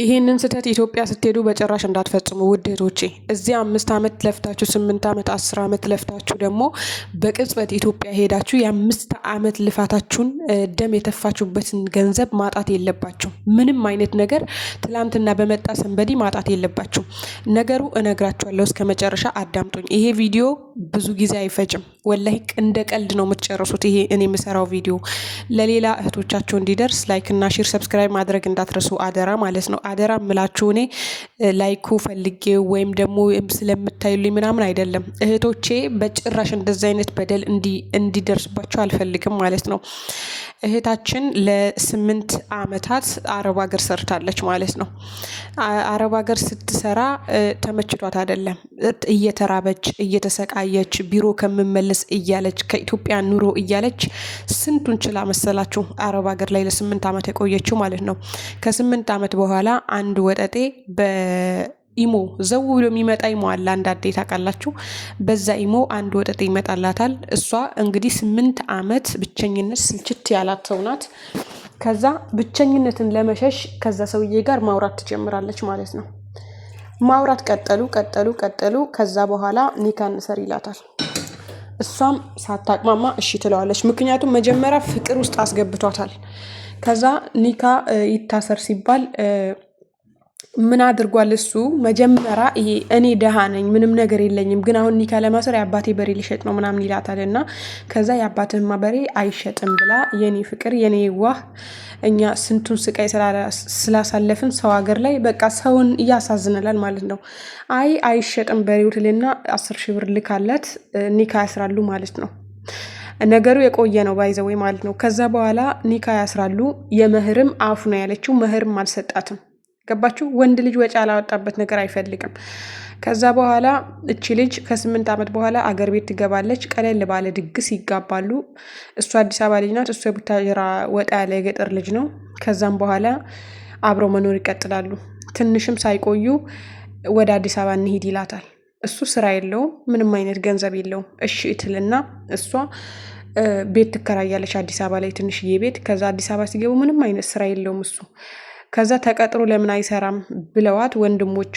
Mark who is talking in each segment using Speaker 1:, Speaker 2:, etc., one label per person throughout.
Speaker 1: ይህንን ስህተት ኢትዮጵያ ስትሄዱ በጭራሽ እንዳትፈጽሙ ውድ እህቶቼ። እዚህ አምስት ዓመት ለፍታችሁ ስምንት ዓመት አስር ዓመት ለፍታችሁ ደግሞ በቅጽበት ኢትዮጵያ ሄዳችሁ የአምስት ዓመት ልፋታችሁን ደም የተፋችሁበትን ገንዘብ ማጣት የለባችሁ። ምንም አይነት ነገር ትላንትና በመጣ ሰንበዲ ማጣት የለባችሁ። ነገሩ እነግራችኋለሁ። እስከ መጨረሻ አዳምጡኝ። ይሄ ቪዲዮ ብዙ ጊዜ አይፈጅም። ወላሂ እንደ ቀልድ ነው የምትጨርሱት። ይሄ እኔ የምሰራው ቪዲዮ ለሌላ እህቶቻቸው እንዲደርስ ላይክ እና ሼር፣ ሰብስክራይብ ማድረግ እንዳትረሱ አደራ ማለት ነው። አደራ ምላችሁ እኔ ላይኩ ፈልጌ ወይም ደግሞ ስለምታዩልኝ ምናምን አይደለም። እህቶቼ በጭራሽ እንደዚ አይነት በደል እንዲደርስባቸው አልፈልግም ማለት ነው። እህታችን ለስምንት አመታት አረብ ሀገር ሰርታለች ማለት ነው። አረብ ሀገር ስትሰራ ተመችቷት አይደለም፣ እየተራበች እየተሰቃየች፣ ቢሮ ከምመለስ እያለች ከኢትዮጵያ ኑሮ እያለች ስንቱን ችላ መሰላችሁ አረብ ሀገር ላይ ለስምንት አመት የቆየችው ማለት ነው። ከስምንት አመት በኋላ አንድ ወጠጤ በ ኢሞ ዘው ብሎ የሚመጣ ኢሞ አለ። አንድ አዴ ታውቃላችሁ። በዛ ኢሞ አንድ ወጠጤ ይመጣላታል። እሷ እንግዲህ ስምንት ዓመት ብቸኝነት ስልችት ያላት ሰው ናት። ከዛ ብቸኝነትን ለመሸሽ ከዛ ሰውዬ ጋር ማውራት ትጀምራለች ማለት ነው። ማውራት ቀጠሉ ቀጠሉ ቀጠሉ። ከዛ በኋላ ኒካን ሰር ይላታል። እሷም ሳታቅማማ እሺ ትለዋለች። ምክንያቱም መጀመሪያ ፍቅር ውስጥ አስገብቷታል። ከዛ ኒካ ይታሰር ሲባል ምን አድርጓል እሱ መጀመሪያ ይሄ እኔ ደሃ ነኝ ምንም ነገር የለኝም፣ ግን አሁን ኒካ ለማሰር የአባቴ በሬ ሊሸጥ ነው ምናምን ይላታል እና ከዛ የአባትህማ በሬ አይሸጥም ብላ የኔ ፍቅር የኔ ዋህ እኛ ስንቱን ስቃይ ስላሳለፍን ሰው ሀገር ላይ በቃ ሰውን እያሳዝንላል ማለት ነው። አይ አይሸጥም በሬው ትልና አስር ሺህ ብር ልካለት ኒካ ያስራሉ ማለት ነው። ነገሩ የቆየ ነው ባይዘወይ ማለት ነው። ከዛ በኋላ ኒካ ያስራሉ። የመህርም አፉ ነው ያለችው፣ መህርም አልሰጣትም። ገባችሁ? ወንድ ልጅ ወጪ አላወጣበት ነገር አይፈልግም። ከዛ በኋላ እቺ ልጅ ከስምንት ዓመት በኋላ አገር ቤት ትገባለች። ቀለል ባለ ድግስ ይጋባሉ። እሱ አዲስ አበባ ልጅ ናት፣ እሱ የቡታጅራ ወጣ ያለ የገጠር ልጅ ነው። ከዛም በኋላ አብረው መኖር ይቀጥላሉ። ትንሽም ሳይቆዩ ወደ አዲስ አበባ እንሂድ ይላታል። እሱ ስራ የለውም፣ ምንም አይነት ገንዘብ የለውም። እሺ እትልና እሷ ቤት ትከራያለች አዲስ አበባ ላይ ትንሽዬ ቤት። ከዛ አዲስ አበባ ሲገቡ ምንም አይነት ስራ የለውም እሱ ከዛ ተቀጥሮ ለምን አይሰራም ብለዋት ወንድሞቿ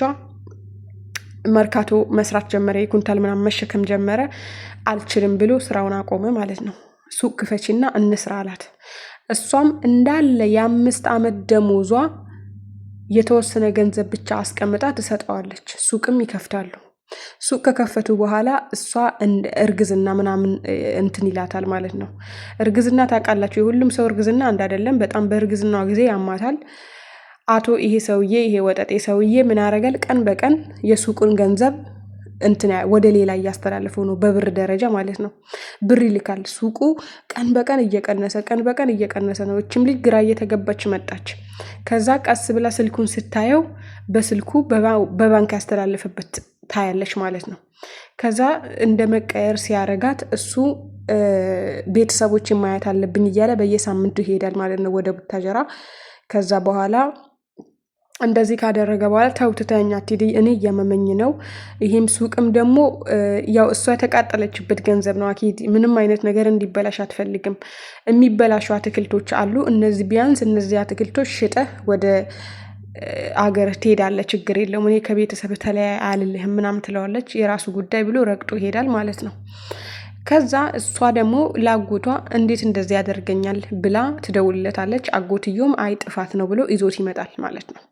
Speaker 1: መርካቶ መስራት ጀመረ። የኩንታል ምናምን መሸከም ጀመረ። አልችልም ብሎ ስራውን አቆመ ማለት ነው። ሱቅ ክፈቺና እንስራ አላት። እሷም እንዳለ የአምስት ዓመት ደሞዟ የተወሰነ ገንዘብ ብቻ አስቀምጣ ትሰጠዋለች። ሱቅም ይከፍታሉ። ሱቅ ከከፈቱ በኋላ እሷ እርግዝና ምናምን እንትን ይላታል ማለት ነው። እርግዝና ታውቃላችሁ፣ የሁሉም ሰው እርግዝና አንድ አይደለም። በጣም በእርግዝናዋ ጊዜ ያማታል። አቶ ይሄ ሰውዬ ይሄ ወጠጤ ሰውዬ ምን ያደርጋል? ቀን በቀን የሱቁን ገንዘብ እንትን ወደ ሌላ እያስተላለፈው ነው፣ በብር ደረጃ ማለት ነው። ብር ይልካል። ሱቁ ቀን በቀን እየቀነሰ ቀን በቀን እየቀነሰ ነው። እችም ልጅ ግራ እየተገባች መጣች። ከዛ ቀስ ብላ ስልኩን ስታየው በስልኩ በባንክ ያስተላለፈበት ታያለች ማለት ነው። ከዛ እንደ መቀየር ሲያረጋት እሱ ቤተሰቦችን ማየት አለብኝ እያለ በየሳምንቱ ይሄዳል ማለት ነው ወደ ቡታጀራ ከዛ በኋላ እንደዚህ ካደረገ በኋላ ተውትተኛ ቲዲ እኔ እያመመኝ ነው። ይህም ሱቅም ደግሞ ያው እሷ የተቃጠለችበት ገንዘብ ነው። አኬዲ ምንም አይነት ነገር እንዲበላሽ አትፈልግም። የሚበላሹ አትክልቶች አሉ። እነዚህ ቢያንስ እነዚህ አትክልቶች ሽጠህ ወደ አገር ትሄዳለህ። ችግር የለውም እኔ ከቤተሰብ ተለያይ አልልህም ምናምን ትለዋለች። የራሱ ጉዳይ ብሎ ረግጦ ይሄዳል ማለት ነው። ከዛ እሷ ደግሞ ለአጎቷ እንዴት እንደዚህ ያደርገኛል ብላ ትደውልለታለች። አጎትዮም አይ ጥፋት ነው ብሎ ይዞት ይመጣል ማለት ነው።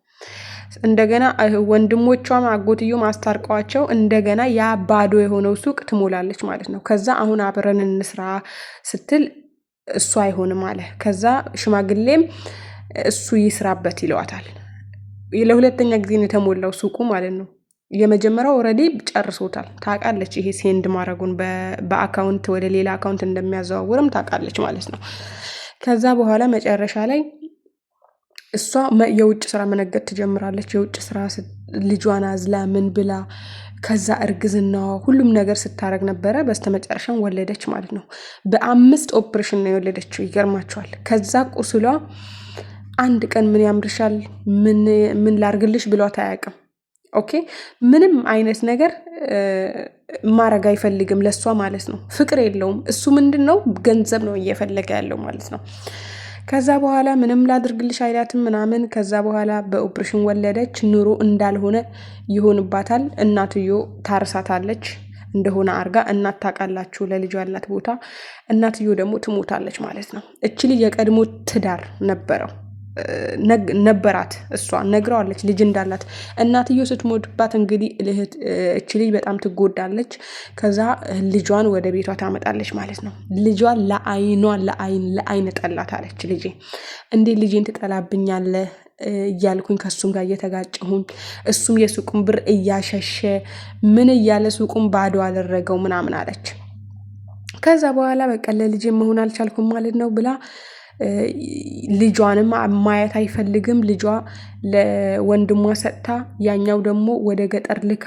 Speaker 1: እንደገና ወንድሞቿም አጎትዮም አስታርቀዋቸው እንደገና ያ ባዶ የሆነው ሱቅ ትሞላለች ማለት ነው። ከዛ አሁን አብረን እንስራ ስትል እሱ አይሆንም አለ። ከዛ ሽማግሌም እሱ ይስራበት ይለዋታል። ለሁለተኛ ጊዜ ነው የተሞላው ሱቁ ማለት ነው። የመጀመሪያው ኦልሬዲ ጨርሶታል። ታውቃለች ይሄ ሴንድ ማድረጉን በአካውንት ወደ ሌላ አካውንት እንደሚያዘዋውርም ታውቃለች ማለት ነው። ከዛ በኋላ መጨረሻ ላይ እሷ የውጭ ስራ መነገድ ትጀምራለች። የውጭ ስራ ልጇን አዝላ ምን ብላ ከዛ እርግዝናዋ ሁሉም ነገር ስታረግ ነበረ። በስተመጨረሻም ወለደች ማለት ነው። በአምስት ኦፕሬሽን ነው የወለደችው። ይገርማቸዋል። ከዛ ቁስሏ አንድ ቀን ምን ያምርሻል፣ ምን ላርግልሽ ብሏት አያውቅም። ኦኬ ምንም አይነት ነገር ማረግ አይፈልግም ለእሷ ማለት ነው። ፍቅር የለውም እሱ ምንድን ነው ገንዘብ ነው እየፈለገ ያለው ማለት ነው። ከዛ በኋላ ምንም ላድርግልሽ አይላትም ምናምን። ከዛ በኋላ በኦፕሬሽን ወለደች። ኑሮ እንዳልሆነ ይሆንባታል። እናትዮ ታርሳታለች እንደሆነ አርጋ እናት ታውቃላችሁ፣ ለልጇ ያላት ቦታ። እናትዮ ደግሞ ትሞታለች ማለት ነው። እች ልጅ የቀድሞ ትዳር ነበረው። ነበራት እሷ ነግረዋለች ልጅ እንዳላት። እናትዮ ስትሞትባት እንግዲህ ልህት እች ልጅ በጣም ትጎዳለች። ከዛ ልጇን ወደ ቤቷ ታመጣለች ማለት ነው። ልጇን ለአይኗ ለአይን ለአይን ጠላት አለች። ልጄ እንዴ ልጄን ትጠላብኛለ እያልኩኝ ከሱም ጋር እየተጋጨሁኝ እሱም የሱቁን ብር እያሸሸ ምን እያለ ሱቁን ባዶ አደረገው ምናምን አለች። ከዛ በኋላ በቃ ለልጄ መሆን አልቻልኩም ማለት ነው ብላ ልጇንም ማየት አይፈልግም። ልጇ ለወንድሟ ሰጥታ ያኛው ደግሞ ወደ ገጠር ልካ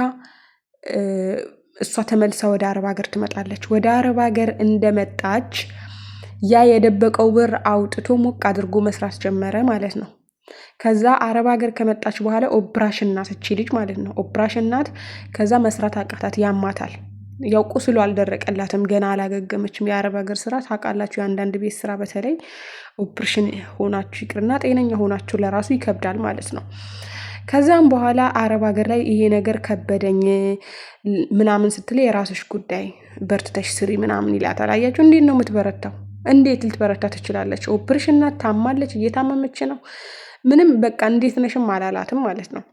Speaker 1: እሷ ተመልሳ ወደ አረብ ሀገር ትመጣለች። ወደ አረብ ሀገር እንደመጣች ያ የደበቀው ብር አውጥቶ ሞቅ አድርጎ መስራት ጀመረ ማለት ነው። ከዛ አረብ ሀገር ከመጣች በኋላ ኦፕራሽን ናት እቺ ልጅ ማለት ነው። ኦፕራሽን ናት። ከዛ መስራት አቃታት፣ ያማታል። ያው ቁስሉ አልደረቀላትም፣ ገና አላገገመችም። የአረብ ሀገር ስራ ታውቃላችሁ፣ የአንዳንድ ቤት ስራ በተለይ ኦፕሬሽን ሆናችሁ ይቅርና ጤነኛ ሆናችሁ ለራሱ ይከብዳል ማለት ነው። ከዛም በኋላ አረብ ሀገር ላይ ይሄ ነገር ከበደኝ ምናምን ስትል የራስሽ ጉዳይ በርትተሽ ስሪ ምናምን ይላታል። አያችሁ፣ እንዴት ነው የምትበረታው? እንዴት ልትበረታ ትችላለች? ኦፕሬሽን ናት፣ ታማለች፣ እየታመመች ነው። ምንም በቃ እንዴት ነሽም አላላትም ማለት ነው።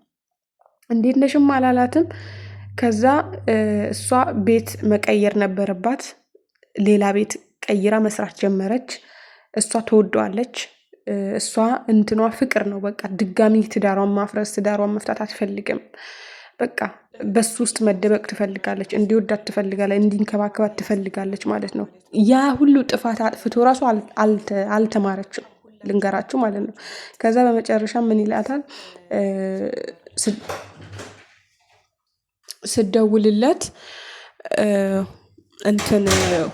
Speaker 1: እንዴት ነሽም አላላትም ከዛ እሷ ቤት መቀየር ነበረባት። ሌላ ቤት ቀይራ መስራት ጀመረች። እሷ ተወደዋለች እሷ እንትኗ ፍቅር ነው። በቃ ድጋሚ ትዳሯን ማፍረስ፣ ትዳሯን መፍታት አትፈልግም። በቃ በሱ ውስጥ መደበቅ ትፈልጋለች፣ እንዲወዳት ትፈልጋለች፣ እንዲንከባከባት ትፈልጋለች ማለት ነው። ያ ሁሉ ጥፋት አጥፍቶ ራሱ አልተማረችም፣ ልንገራችሁ ማለት ነው። ከዛ በመጨረሻ ምን ይላታል? ስደውልለት እንትን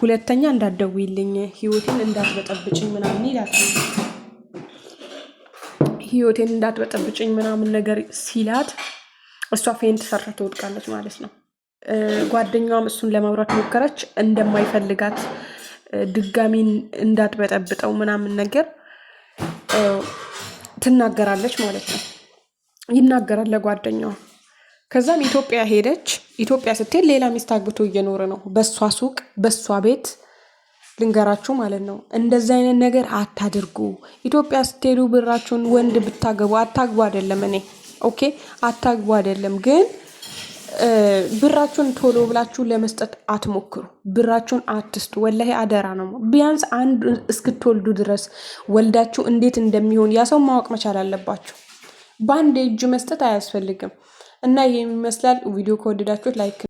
Speaker 1: ሁለተኛ እንዳትደውይልኝ ህይወቴን እንዳትበጠብጭኝ ምናምን ይላል። ህይወቴን እንዳትበጠብጭኝ ምናምን ነገር ሲላት እሷ ፌንት ሰርታ ትወድቃለች ማለት ነው። ጓደኛዋም እሱን ለማውራት ሞከረች። እንደማይፈልጋት ድጋሚን እንዳትበጠብጠው ምናምን ነገር ትናገራለች ማለት ነው። ይናገራል ለጓደኛዋ ከዛም ኢትዮጵያ ሄደች። ኢትዮጵያ ስትሄድ ሌላ ሚስት አግብቶ እየኖረ ነው፣ በእሷ ሱቅ በእሷ ቤት። ልንገራችሁ ማለት ነው እንደዚ አይነት ነገር አታድርጉ። ኢትዮጵያ ስትሄዱ ብራችሁን ወንድ ብታገቡ አታግቡ አይደለም እኔ ኦኬ፣ አታግቡ አይደለም ግን ብራችሁን ቶሎ ብላችሁ ለመስጠት አትሞክሩ። ብራችሁን አትስጡ። ወላሂ አደራ ነው። ቢያንስ አንድ እስክትወልዱ ድረስ ወልዳችሁ እንዴት እንደሚሆን ያ ሰው ማወቅ መቻል አለባችሁ። በአንድ እጅ መስጠት አያስፈልግም። እና ይሄ ይመስላል። ቪዲዮ ከወደዳችሁት ላይክ